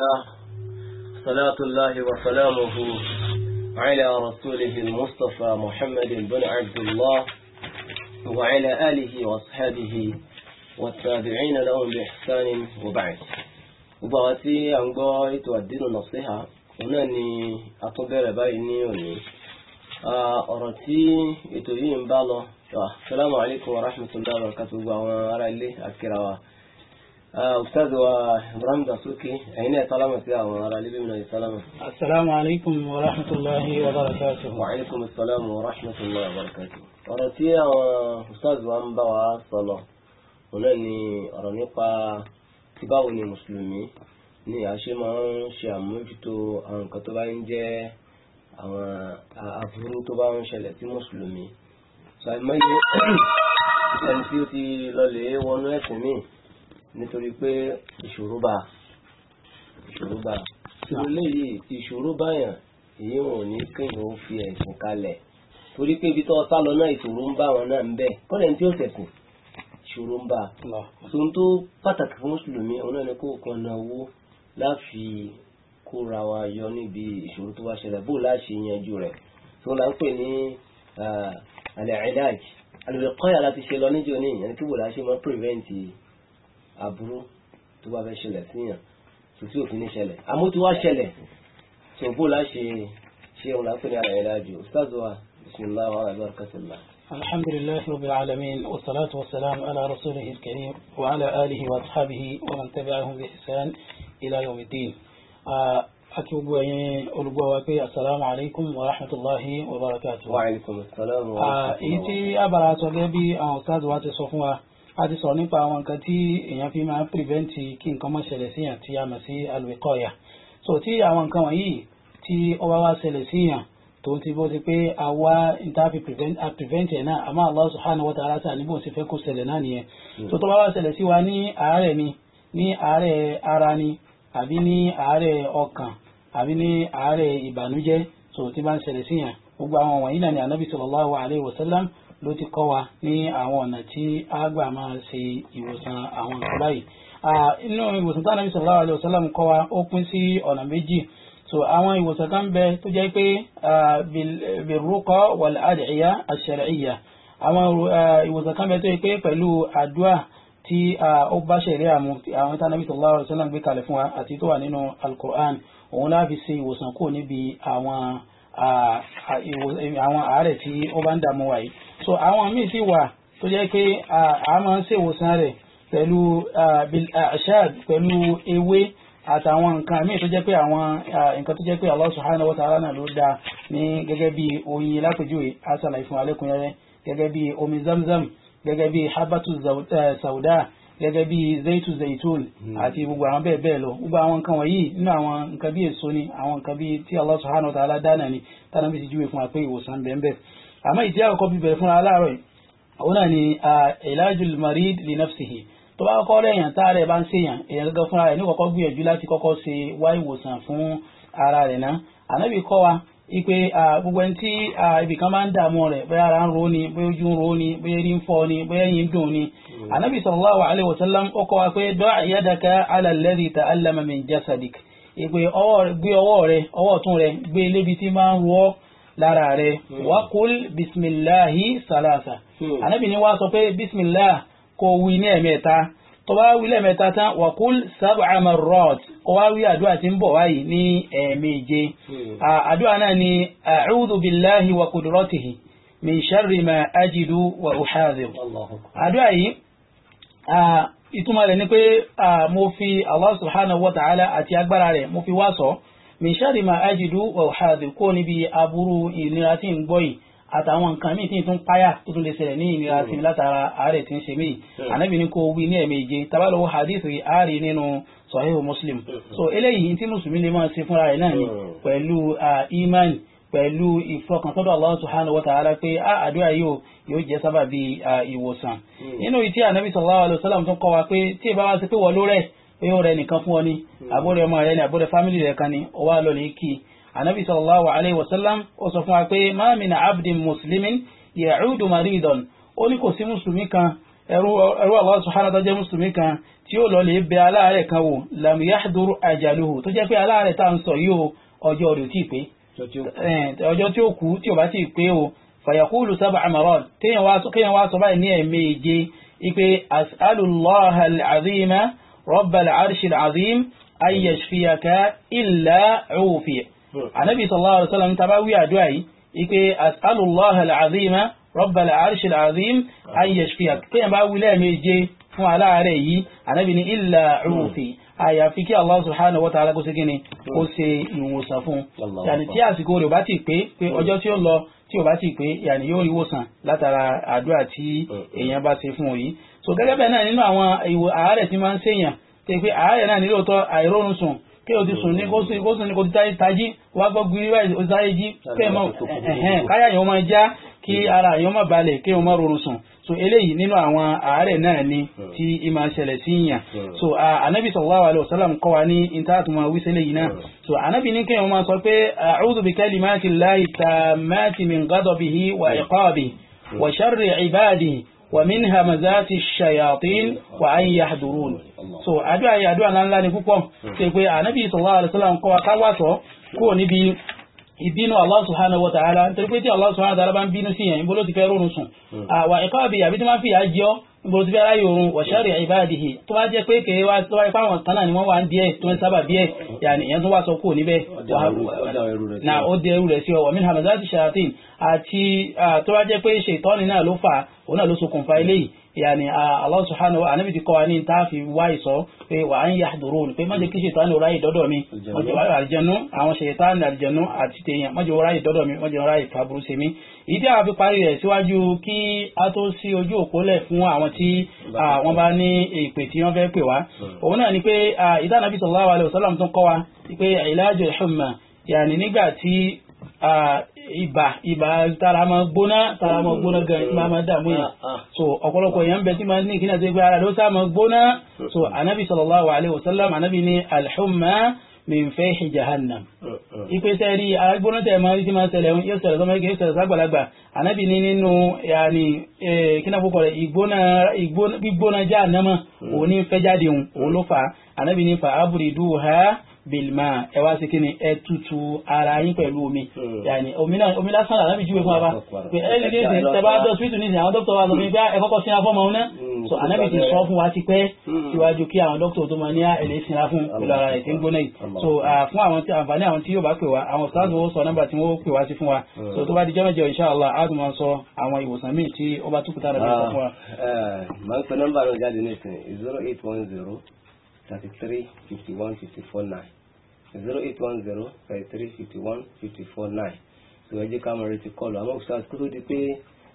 الله صلاة الله وسلامه على رسوله المصطفى محمد بن عبد الله وعلى آله وأصحابه والتابعين لهم بإحسان وبعد وبعتي عن قوائد والدين النصيحة هنا أتبر بيني وني أرتي يتوين باله. السلام عليكم ورحمة الله وبركاته وعلى الله أكرا أستاذ وإبراهيم دسوكي أين سلامة يا عمر علي بن سلامة السلام عليكم ورحمة الله وبركاته وعليكم السلام ورحمة الله وبركاته أرتي يا أستاذ وأنبا وصلاة هنا ni ọ̀rọ̀ nípa tí báwo ni mùsùlùmí ni a ṣe máa ń ṣe àmójútó àwọn nǹkan tó bá ń jẹ́ àwọn aburú tó bá ń ṣẹlẹ̀ sí mùsùlùmí ṣàìmọye ẹni tí ó ti lọlẹ̀ wọnú ẹ̀sìn míì nítorí pé ìṣòro bá ìṣòro bá ah. ìṣòro léyìí ìṣòro báyàn èyí wọn ò ní kéèyàn ó fi ẹ̀sùn kalẹ̀ torí pé ibi tó ọ sá lọ náà ìṣòro ń bá wọn náà ń bẹ kọ́lẹ̀ tí ó sẹ̀kù ìṣòro ń bá tòun tó pàtàkì fún mùsùlùmí òun náà ni kó kan náà láfi kóra wa yọ níbi ìṣòro tó bá ṣẹlẹ̀ bó láṣẹ yanjú rẹ̀ tó là ń pè ní alẹ́ ẹ̀dáàjì alùpùpù kọ́yà láti ṣe lọ níjọ́ ní kí wò láṣẹ mọ́ prevent aburú tó bá fẹ́ ṣẹlẹ̀ síyàn tòtí òfin ní ṣẹlẹ̀ àmọ́ tó wá ṣẹlẹ̀ tó bó la ṣe ṣe òun láti ní ara ìlà jù ustaz wa bisimilah wa rahmatulah. الحمد لله رب العالمين والصلاة والسلام على رسوله الكريم وعلى آله وأصحابه ومن تبعهم بإحسان إلى يوم الدين akíwogbo ẹ̀yin olùgbọ́ wa pé assalamu alaikum wa rahmatullahi wa barakatuh. wa alaikum assalam wa rahmatullahi. èyí tí a bára sọ gẹ́gẹ́ bí àwọn ustaz wa ti sọ fún wa a ti sọ nípa àwọn nǹkan tí èèyàn fi máa ń prevent kí nǹkan má ṣẹlẹ̀ síyàn tí a mọ̀ sí alwiqaya so tí àwọn nǹkan wọ̀nyí tí ó bá wá ṣẹlẹ̀ síyàn tó ti bó ti pé a wá ìtàfi prevent ẹ̀ náà àmọ́ Allah subhanahu wa ta'ala sà níbo ṣe fẹ́ kó ṣẹlẹ̀ náà nìyẹn hmm. so tó bá wá ṣẹlẹ̀ sí wa ní àárẹ̀ ni ní àárẹ̀ ara ni àbí ní àárẹ̀ ọkàn àbí ní àárẹ̀ ìbànújẹ́ so tí bá ń ṣẹlẹ̀ síyàn gbogbo àwọn wọ̀nyí náà ni anabi sallallahu alayhi wa sallam ló ti kọ́ wa ní àwọn ọ̀nà tí a gbà máa ṣe ìwòsàn àwọn nǹkan báyìí inú ìwòsàn tí Ànábì sallallahu alaihi wasallam kọ́ wa ó pín sí ọ̀nà méjì so àwọn ìwòsàn kan bẹ tó jẹ́ pé bil-ruqa wal-ad'iya ash-shar'iyya àwọn ìwòsàn kan bẹ tó jẹ́ pé pẹ̀lú àdúà tí ó bá ṣẹ̀ríà mu àwọn tí Ànábì sallallahu alaihi wasallam gbé kalẹ̀ fún wa àti tó wà nínú al-Qur'an òun láàfi ṣe ìwòsàn kúrò níbi àwọn àwọn àárẹ̀ tí ó bá ń dààmú wa yìí so àwọn míì sì wà tó jẹ́ pé a máa ń ṣèwòsàn rẹ̀ pẹ̀lú ashad pẹ̀lú ewé àtàwọn nǹkan míì tó jẹ́ pé àwọn nǹkan tó jẹ́ pé Allah subhanahu wa ta'ala náà ló da ní gẹ́gẹ́ bí oyin lápèjúwe asàlàyé fún alẹ́kùnrin rẹ̀ gẹ́gẹ́ bí omi zamzam gẹ́gẹ́ bí habatu sauda gẹ́gẹ́ bí zaitu zaitun hmm. àti gbogbo àwọn bẹ́ẹ̀ bẹ́ẹ̀ lọ gbogbo àwọn nǹkan wọ̀nyí nínú àwọn nǹkan bí èso ni àwọn nǹkan bí tí Allah subhanahu wa ta'ala dánà ni tánà bí ti júwe fún wa pé ìwòsàn bẹ́ẹ̀ bẹ́ẹ̀ àmọ́ ìdí àkọ́kọ́ bíbẹ̀ fúnra aláàárọ̀ yìí òun náà ni ilajul marid li nafsihi tó bá kọ́kọ́ rẹ̀ èèyàn táàrẹ̀ bá ń ṣèyàn èèyàn gẹ́gẹ́ fúnra rẹ̀ ní kọ́kọ́ gbìyànjú láti kọ́kọ́ ṣe wá ìwòsàn fún ara rẹ̀ náà ànábì kọ́ wa ipe gbogbo ẹni tí ibìkan máa ń dààmú rẹ̀ bóyá ara ń ro ni bóyá ojú ń ro ni bóyá erí ń fọ́ ni bóyá ẹ̀yìn dùn ni anabi sallallahu alayhi wa sallam ó kọ́ wa pé dọ́' yadaka ala alladhi ta'allama min jasadik ìpè gbé ọwọ́ rẹ ọwọ́ ọ̀tún rẹ gbé e lébi tí máa ń wọ́ lára rẹ hmm. wakul bisimilahi salasa anabi hmm. ni wàá sọ pé bisimilah kò wí ní ẹ̀mẹ́ta tó bá wí lẹ́ẹ̀mẹ́ta tán wakul sab'a marrat kó wá wí àdúrà tí ń bọ̀ wáyìí ní ẹ̀ẹ̀méje hmm. àdúrà náà ni a'udhu billahi wa qudratihi min sharri ma ajidu wa uhadhir àdúrà yìí ìtumọ̀ rẹ̀ ni pé mo fi Allah subhanahu wa ta'ala àti agbára rẹ̀ mo fi wá sọ min sharri ma ajidu wa uhadhir kó níbi aburú ìnira tí ń gbọ́ yìí àtàwọn nǹkan míì tí n tún páyà tó tún lè ṣẹlẹ̀ ní ìnira sí mi látara àárẹ̀ tí ń ṣe míì hmm. ànábì ní kò wí ní ẹ̀ẹ̀méje tabalọ́wọ́ hadith ààrí nínú sahihu muslim hmm. so eléyìí tí mùsùlùmí lè máa ṣe fúnra rẹ̀ náà ni hmm. pẹ̀lú imani pẹ̀lú ìfọkàntọ́dọ̀ Allah subhanahu wa ta'ala pé ah, àdúrà yóò yóò jẹ́ sábà bí ìwòsàn hmm. nínú ìtí ànábì sallallahu alaihi wasallam tó kọ́ wa pé tí ìbá wá sí pé wọ́n ló rẹ̀ pé ó rẹ̀ nìkan fún ọ ni hmm. àbúrò ọmọ rẹ̀ ni àbúrò fámìlì rẹ̀ kan ni ó wá lọ kí ànábì sallallahu alaihi wasallam ó sọ fún wa pé ma min abdin muslimin ya'udu maridan ó ní kò sí mùsùlùmí kan ẹrú Allah subhanahu tó jẹ́ mùsùlùmí kan tí ó lọ lè bẹ aláàárẹ̀ kan wò lam yahdur ajaluhu tó jẹ́ pé aláàárẹ̀ tá à ń sọ yìí ọjọ́ rẹ̀ tí ì pé ọjọ́ tí ó kú eh, tí ò bá sì pé o fàyàkúlù sábà àmàràn kéèyàn wá sọ báyìí ní ẹ̀ẹ̀méje ipe as'alullaha al'azima rabbal arshil azim ayyashfiyaka illa ufi anabi sallallahu alaihi wasallam ta bá wí àdúrà yìí ipe as'alullaha al'azima rabbal arshil azim ayyashfiyaka kéèyàn bá wí lẹ́ẹ̀méje fún aláàárẹ̀ yìí anabi ni illa ufi àyàfi kí Allah subhanahu wa ta'ala kó ṣe kíni mm. kó ṣe ìwòsàn fún un yàní tí àsìkò rẹ̀ bá ti pé pé mm. ọjọ́ tí ó lọ tí ò bá ti pé yàní yóò rí ìwòsàn látara àdúrà tí mm. èèyàn bá ṣe fún òyí so gẹ́gẹ́ bẹ́ẹ̀ náà nínú àwọn ìwò àárẹ̀ tí máa ń ṣèyàn tẹ pé àárẹ̀ náà nílò tọ́ àìrórun sùn kí o ti sùn ní kó sùn ní kó ti tají wá gbọ́ gbiri báyìí o ti tají kí ẹ mọ káyà yẹn o máa já kí ara èèyàn má balẹ̀ kí èèyàn má rorun sùn so eléyìí nínú àwọn àárẹ̀ náà ni tí ìmọ̀ ṣẹlẹ̀ sí yàn so anabi sallallahu alayhi wa sallam kọ́ wa ní intaatuma wíṣẹ́lẹ̀ yìí náà so anabi ní kí èèyàn máa sọ pé a'udhu bi kalimati llahi tammati min ghadabihi wa iqabihi wa sharri ibadihi wa min hamazati shayatin wa an yahdurun so àdúrà yìí àdúrà ńláńlá ni púpọ̀ hmm. ṣe pé anabi sallallahu alayhi wa kọ́ wa ká sọ kúrò níbi ìbínú Allah subhanahu wa ta'ala nítorí pé tí Allah subhanahu wa ta'ala bá ń bínú sí yẹn ìbóló ti fẹ́ rọrùn sùn àwà ẹ̀kọ́ àbí àbí tí wọ́n fi yà jọ ìbóló ti fẹ́ ráyè oorun wọ̀ṣẹ́rì ìbáàdìhì tó bá jẹ́ pé kèé wá tó bá ipá wọn kan náà ni wọ́n jẹ́ pé ṣètọ́ni náà ló fà yàní Allah subhanahu wa anabi ti kọ́ wa ní ta fi wá ìsọ pé wà á ń yahdurun pé má jẹ́ kí ṣètánì ráyè dọ́dọ̀ mi má jẹ́ wáyé àlìjẹnú àwọn ṣètánì àlìjẹnú àti tèèyàn má jẹ́ ráyè dọ́dọ̀ mi má jẹ́ ráyè fàbúrú sí mi. ìdí àwọn fi parí rẹ̀ síwájú kí a tó sí ojú òpólẹ̀ fún àwọn tí wọ́n bá ní ìpè tí wọ́n fẹ́ pè hmm. òun náà ni pé ìdá Ànábì sallallahu alaihi wasallam tó kọ́ wa pé ìlàjò ìhùmà yàní nígbà ibà ibà tara ma gbóná tara ma gbóná gan ibà ma dààmú yìí ah, ah. so ọ̀pọ̀lọpọ̀ yẹn bẹ tí ma ní ìkíni àti ẹgbẹ́ ara ló sá ma gbóná so anabi mm-hmm. sallallahu alayhi wa sallam anabi ni alḥumma min fayhi jahannam ipe mm-hmm. sẹ́ẹ̀rí agbóná tẹ̀ máa ti máa ṣẹlẹ̀ yóò ṣẹlẹ̀ sọ́mọ́ yóò ṣẹlẹ̀ sàgbàlagbà anabi e, ni nínú yaani kí náà fọkọ̀ rẹ̀ ìgbóná ìgbóná jahannama mm-hmm. òun ní fẹ́ jáde òun ló fà anabi ni fa aburiduha bilma ẹ wá sí kíni ẹ tutù ara yín pẹ̀lú omi hmm. yàní omi náà omi lásán là lábì júwe fún wa pé ẹ lè dé ìsìn tẹ bá dọ̀ sweet ní ìsìn àwọn dókítà wa sọ fún mi ah, ẹ kọ́kọ́ sin afọ́mọ ọ̀hún náà hmm, so anabi ti sọ fún wa ti pẹ́ hmm. síwájú kí àwọn dókítà tó máa ní ah, ẹ̀lẹ́ sinra fún pẹ̀lú ara rẹ̀ tí ń gbóná yìí so ah, fún àwọn tí àǹfààní àwọn tí yóò bá pè wá àwọn stars wo sọ nọ́mbà tí wọ́n pè wá sí fún wa so tó bá di jọ́mẹ́jọ inṣàlá a tún máa sọ àwọn ìwòsàn míì tí ó bá túkútà rẹ̀ eh, zero eight one zero thirty three fifty one fifty four nine zero eight one zero thirty three fifty one fifty four nine tó ẹ jẹ́ ká mọ̀ retí kọlù àmọ́ òṣìṣẹ́ kó tó di pé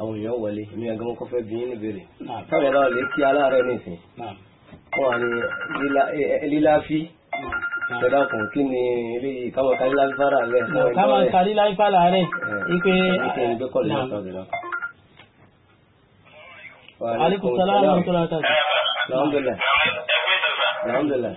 àwọn èèyàn wọlé èmi àgbẹ̀ wọn kọ́ fẹ́ bí yín níbèrè káwọn ẹ̀rọ lè kí aláàárẹ̀ nìsín wọn wà ní líláfí ṣẹ̀dákùn kí ni ilé ìkáwọn kan líláfí fara rẹ̀. káwọn kan líláfí fara rẹ̀ ipe. aleykum salaam wa rahmatulah. alhamdulilayi. alhamdulilayi.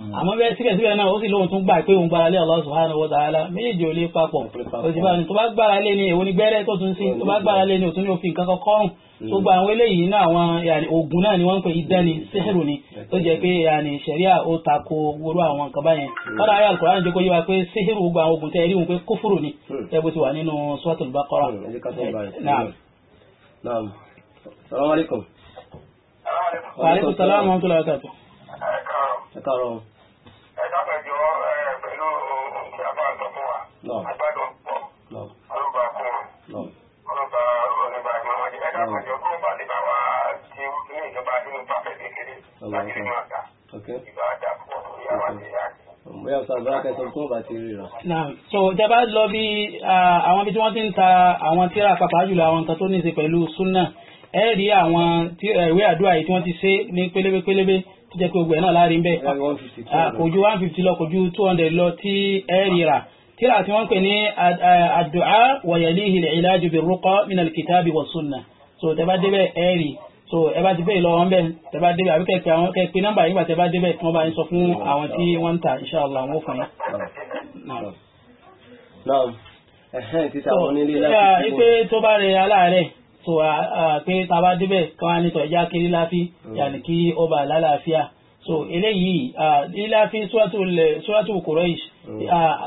Mm. àmọ́ bẹ́ẹ̀ síbẹ̀síbẹ̀ náà ó sì lóun tún gbà pé òun gbára lé Allah subhanahu wa ta'ala méjèèjì ò lè papọ̀ òsìbá ni tó bá gbára lé ní èwo ni gbẹ́rẹ́ tó tún sí tó bá gbára lé ní òtún ní òfin kankan kọ́rùn tó mm. gba àwọn eléyìí náà àwọn oògùn náà ni wọ́n ń pè idán ni mm. sẹ́hìrù ni tó jẹ́ pé sẹ̀ríà ó tako wúrú àwọn nǹkan báyẹn kọ́dà ayé Al-Qur'an jẹ́ kó yé wa pé sẹ́hìrù gbogbo àwọn oògùn tẹ́ rí wọn pé kófúrò ni ẹ bó ti wà nínú Suratul Baqara. Salaam alaikum. salaam wa rahmatullahi wa barakatuh ẹ káàárọ̀. ẹ dábàá jọ pẹ̀lú ohun tí a bá sọ fún wa. àgbàdo pọ̀ ọlọ́ba kún ọlọ́ba ọlọ́ba ni wọ́n ti ẹ dábàá jọ kó bá lè bá wa ti ní ìjọba nínú pàfẹ́ kékeré láti rí wọn ta ìgbà àdá pọ̀ ìyá wa ti yá kí. Bóyá ọ̀sán àgbà kẹsàn-án tó bá ti rí rà. Náà so jábá lọ bí àwọn ibi tí wọ́n ti ń ta àwọn tíra pàpà jùlọ àwọn nǹkan tó ní í ṣe pẹ̀lú súnà ẹ rí àwọn ìwé àdúrà yìí tí wọ́n ti ṣe ní pélébépélébé jẹ́ pé ogun ẹ̀ náà láàrin bẹ́ẹ̀ ah, kò ju one fifty lọ kò ju two hundred lọ tí ẹ rira tíra tí wọ́n pè ní àdùá wàyẹ̀líhì ìlàjú bí rúkọ́ nínú kìtàbí wà súnà so tẹ́ bá débẹ̀ ẹ rí so ẹ bá ti bẹ́ẹ̀ lọ wọn bẹ́ẹ̀ tẹ́ bá débẹ̀ àbí kẹ́kẹ́ àwọn kẹ́kẹ́ nọ́mbà yìí wà tẹ́ bá débẹ̀ wọ́n bá ń sọ fún àwọn tí wọ́n ń ta inṣàlá wọn fún yín. náà ẹ̀hẹ́n títà wọn nílé láti so pé tàbá débẹ̀ kan á nítọ̀ ẹja kiri láfi mm. yàní kí ọba lálàáfíà so eléyìí líláfi sóràtù Quraysh mm.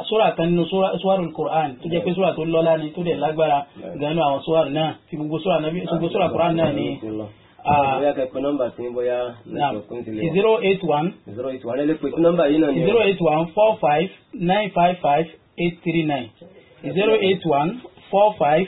sóra kan nínú sóràtù Qur'an tó jẹ́ pé sóra tó lọ́lá ni tó dẹ̀ lágbára ganu àwọn sóra náà fi gbogbo sóra Qur'an náà ni bóyá kẹ́kọ̀ọ́ nọ́mbà tí ń bóyá lẹ́sọ̀kún ti lè wá. zero eight one. zero eight one ẹlẹ́pẹ̀ tí nọ́mbà yìí náà ni. zero eight one four five nine five five eight three nine. zero eight one four five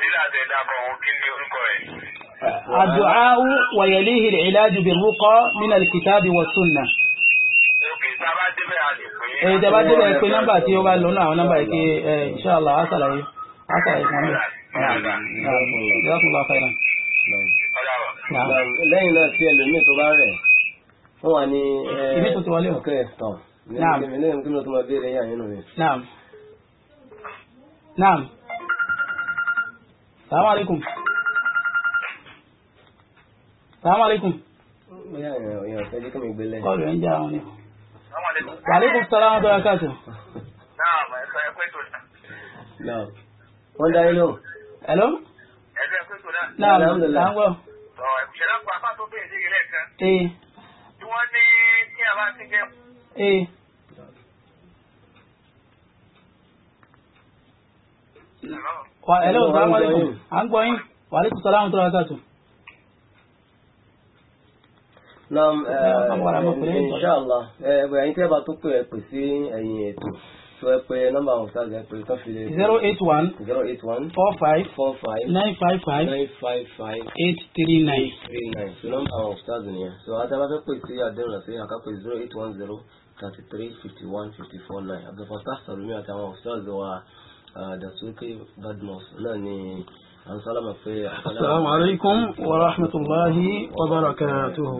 sílẹ̀ àtẹ̀dá kan kí ni orúkọ ẹ̀. الدعاء ويليه العلاج بالرقى من الكتاب والسنة èyí tẹ́ bá débẹ̀ pé nọ́mbà tí ó bá lọ náà àwọn nọ́mbà yìí pé ẹ inshallah asàlàyé asàlàyé kan bẹ. lẹ́yìn náà sí ẹlòmíì tó bá rẹ̀ wọ́n wà ní. ìbí tó ti wọlé o. ọkẹ́ tán. naam. lẹ́yìn tó máa béèrè yàn nínú mi. naam. naam. Assalamu alaikum. Assalamu alaikum. Kọ́lù ẹ̀ ń já wọn ni. Wa alaikum salaam wa barakatuh. Wọ́n dá ilé o. Hello. Ẹgbẹ́ pẹ̀tù náà. Náà lọ́wọ́. Ìṣẹ̀lá pa apá tó bẹ̀rẹ̀ sí ilé kan. Tí wọ́n ní kí a bá ti jẹun. Hello ẹ̀lẹ́ òṣèlú àwọn àlejò à ń gbọ́ yín wàlẹ́kùn sọlá àwọn tó lọ́wọ́ sàtù. nam inṣàlá ẹgbẹ́ ẹ̀yin tẹ́ bá tó pè ẹ pè sí ẹ̀yìn ètò tó ẹ pè nọ́mbà àwọn ọ̀sán ẹ pè tó fi lè. zero eight one zero eight one four five four five nine five five nine five five eight three nine. three nine so nọ́mbà àwọn ọ̀sán nìyẹn so àtàwọn pè sí àdéhùn àti àkàpè zero eight one zero thirty three fifty one fifty four nine àbẹ̀fọ́ tá sọ̀rọ̀ mi àtàwọn ọ̀sán wa. آه، بدموس لاني يعني السلام عليكم ورحمة الله وبركاته